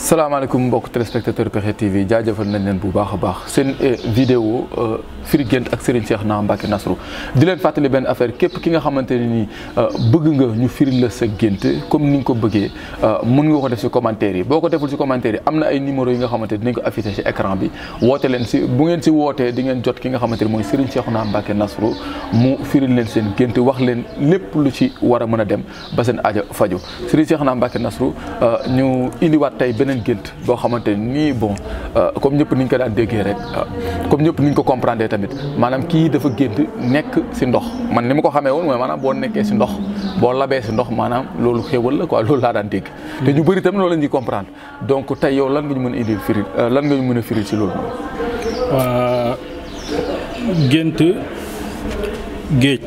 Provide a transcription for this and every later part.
salaamaaleykum mbokk téléspectateur Pexxe TV jaajëfal nañ leen bu baax a baax seen eh, vidéo euh, firi gént ak Serigne Cheikh Naa Mbacke Nasrou di leen fàttali benn affaire képp ki nga xamante ne nii euh, bëgg nga ñu la sa gént comme ni nga ko bëggee euh, mun nga ko def si commentaire yi boo ko deful si commentaire yi am na ay numéro yi nga xamante dinañ ko affiché si écran bi woote leen si bu ngeen si wootee di ngeen ki nga xamante ne mooy Serigne Cheikh Naa Mbacke Nasrou mu firi leen seen gént wax leen lépp lu ci war a mën a dem ba seen aajo faju Serigne Cheikh Naa Mbacke Nasrou ñu indiwaat tey beneen gént boo xamante nii bon euh, comme ñëpp niñ ko daan déggee rek euh, comme ñëpp niñ ko comprendre tamit maanaam kii dafa gént nekk si ndox man ni ma ko xamee woon mooy maanaam boo nekkee si ndox boo labee si ndox maanaam loolu xéwal la quoi loolu laa daan dégg. Hmm. te ñu bëri tamit loolu la ñuy comprendre donc tey yow lan nga ñu mën a indil firi euh, lan nga ñu mën a firi si loolu. gént géej.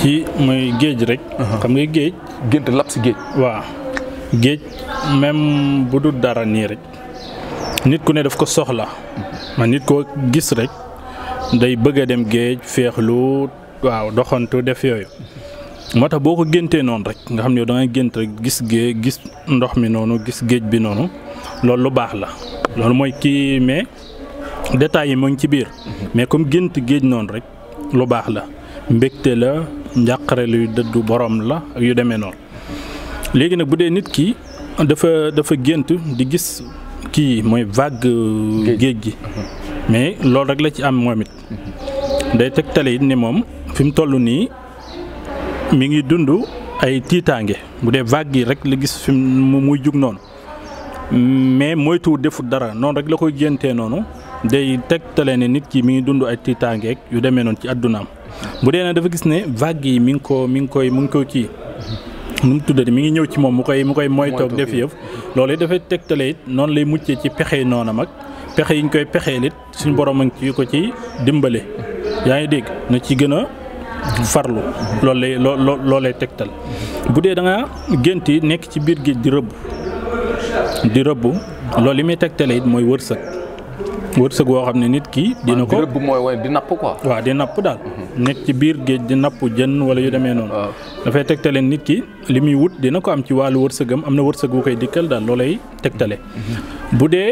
ci mooy géej rek. Uh-huh. xam nga géej. gént lab si géej. waaw. géej même bu dul dara nii rek nit ku ne daf ko soxla man nit koo gis rek day bëgg a dem géej féexlu waaw doxantu def yooyu moo tax boo ko géntee noonu rek nga xam ne da gént rek gis géej gis ndox mi noonu gis géej bi noonu loolu lu baax la loolu mooy kii mais détails yi mu ngi ci biir mais comme gént géej noonu rek lu baax la mbégte la njàqare luy dëddu borom la ak yu demee noonu léegi nag bu dee nit ki dafa dafa gént di gis kii mooy vague euh, géej gi mais loolu rek la ci am moom it day tegtale it ni moom fi mu toll nii mu ngi dund ay tiitaange bu dee vague yi rek la gis fi mu muy jug noonu mais moytu defut dara noonu rek la koy géntee noonu day tegtale ne nit ki mu ngi dund ay tiitaangeeg yu demee noonu ci àddunaam bu dee nag dafa gis ne vague yi mi ngi ko mi ngi koy mu ngi koy kii nu mu tuddati mi ngi ñëw ci moom mu koy mu koy mooy toog def yëf loolu it dafay tegtale it noonu lay muccee ci pexe noonam mag pexe yi ñu koy pexeel it suñu borom a ngi ko ci dimbale yaa ngi dégg na ci gën a farlu loolu lay loo loo lay tegtal bu dee da nga gént yi nekk ci biir géej di rëbb di rëbb loolu li muy tegtale it mooy wërsëg wërsëg woo xam ne nit ki. dina ko rëbb mooy wala di napp quoi. waaw di napp daal. Mhm. nekk ci biir géej di nappu jën wala yu demee noonu. dafay tegtale nit ki li muy wut dina ko am ci wàllu wërsëgam am na wërsëg wu koy dikkal daal loolay tegtale. Mhm. bu dee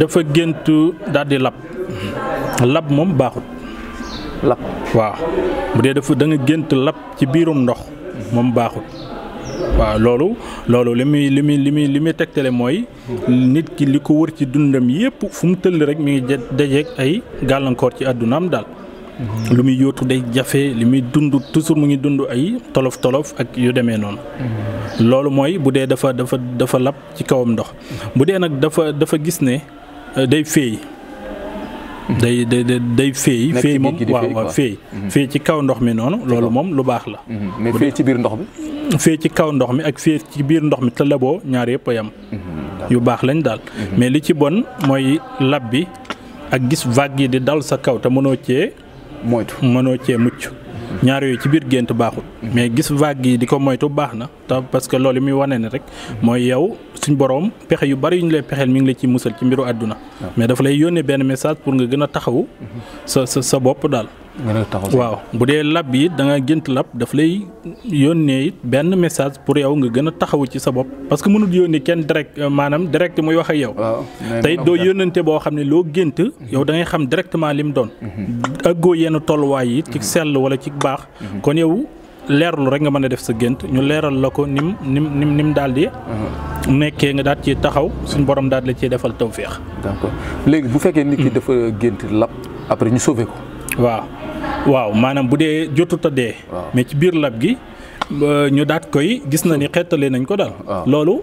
dafa géntu daal di lab lab moom baaxut. lab waaw bu dee dafa da nga gént lab ci biirum ndox moom baaxut. waaw loolu loolu li muy li muy li muy li muy tegtale mooy nit ki li ko wër ci dundam yépp fu mu tëll rek mu ngi dajeeg ay gàllankoor ci àddunaam daal lu muy yóotu day jafe li muy dund toujours mu ngi dund ay tolof tolof ak yu demee noonu loolu mooy bu dee dafa dafa dafa lab ci kawam ndox bu dee nag dafa dafa gis ne euh, day feey day day day feey feey moom waaw mhm. ci kaw ndox mi noonu loolu moom lu baax la mhm. mais feey ci biir ndox bi fee ci kaw ndox mi ak fee ci biir ndox mi te laboo ñaar yëpp yam mhm. yu baax lañ daal mhm. mais li ci bon mooy lab bi ak gis vague yi di dal sa kaw te mënoo cee moytu mënoo cee mucc mhm. ñaar yooyu ci biir gént baaxul mais gis vague yi di ko moytu baax na te parce que loolu muy wane ne rek mooy yow suñ boroom pexe yu bari yu ñu lay pexeel mi ngi la ciy musal ci mbiru àdduna ah. mais dafa lay yónnee benn message pour nga gën a taxawu sa sa sa bopp daal waaw bu dee lab yi da nga gént lab daf lay yónnee benn message pour yow nga gën a taxawu ci sa bopp parce que mënut yónnee kenn direct euh, maanam direct muy wax ak yow. tey doo yónnante boo xam ne loo gént. yow da ngay xam directement lim doon. àggoo mhm. yenn tolluwaay yi. ci mhm. sell wala ci baax. Mhm. kon yow leerlu rek nga mën a def sa gént ñu leeral la ko nim nim nim nim daal di. nekkee nga daal ci taxaw suñu borom daal la ciy defal tawféex. d'accord léegi bu fekkee nit ki dafa gént lab après ñu sauvé ko. waaw waaw maanaam bu dee jotut a dee. mais ci biir lab gi ñu daat koy gis na ni xettale nañ ko daal. loolu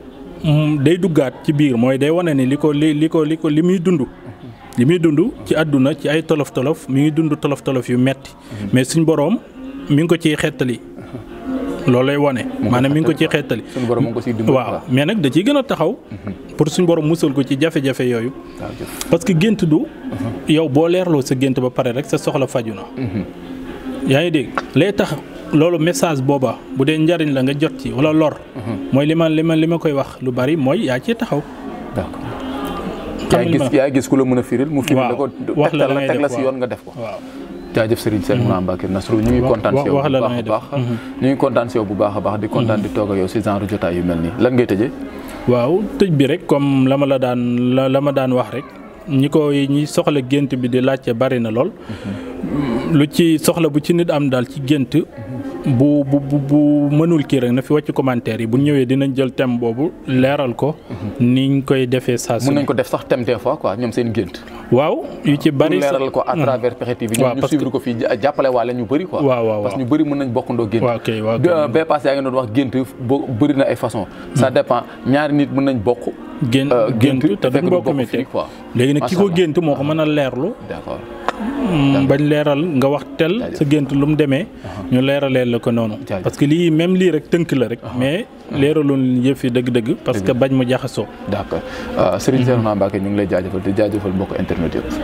mm, day duggaat ci biir mooy day wane ni li ko li li ko li ko li muy dund. li muy dund ci àdduna ci ay tolof tolof mi ngi dund tolof tolof yu metti mhm. mais suñ boroom mi ngi ko ciy xettali. loolu lay wone maanaam mi ngi ko ciy xeetali waaw mais nag da ciy gën a taxaw mhm. pour suñ borom musal ko ci jafe-jafe yooyu ah, parce que gént du mhm. yow boo leerloo sa gént ba pare rek sa soxla faju na mhm. yaa ngi dégg lay tax loolu message booba bu dee njariñ la nga jot ci walla lor mooy li ma li ma li ma koy wax lu bari mooy yaa ciy taxaw yaa gis gis ku la mën a firil mu firil la ko la teg la yoon nga def ko waaw jaajëf Serigne Sall Mouna Mbacke Nasrou ñu ngi a baax ñu ngi kontaan si bu baax a baax di kontaan di toog ak yow si genre jotaay mel nii lan ngay tëjee waaw tëj bi rek comme la ma la daan la ma daan wax rek ñi ko ñi soxla gént bi di laajte bari na lool mhm. lu ci soxla bu ci nit am daal ci gént bu bu bu mënul kii rek na fi wàcc commentaire yi bu ñëwee dinañ jël thème boobu leeral ko. Mhm. niñ koy defee saa su. mën nañ ko def sax thème des fois quoi ñoom seen gént. waaw yu ci bari leeral ko à mm. travers Pexxe TV. waaw ñu suivre ko fii jàppale waale ñu bëri quoi. waaw waaw parce que ñu bëri mun nañ bokkandoo gént. waaw kay waaw kay bee passé yaa ngi bëri na ay façon. Mm. ça dépend ñaari nit mën nañ bokk. gént euh, gént te duñ bokk métier fekk du bokk fii quoi. léegi nag ki ko gént moo ko mën a leerlu. Hmm. bañ leeral nga wax tel sa gént lu mu demee uh-huh. ñu leeraleel la ko noonu parce que lii même lii rek tënk la rek uh-huh. mais uh-huh. leeraloon yëf yi dëgg-dëgg parce que bañ mu jaxasoo d'accord euh, Serigne Cheikhouna Mbacké ñu ngi lay jaajëfal di jaajëfal mbokk internet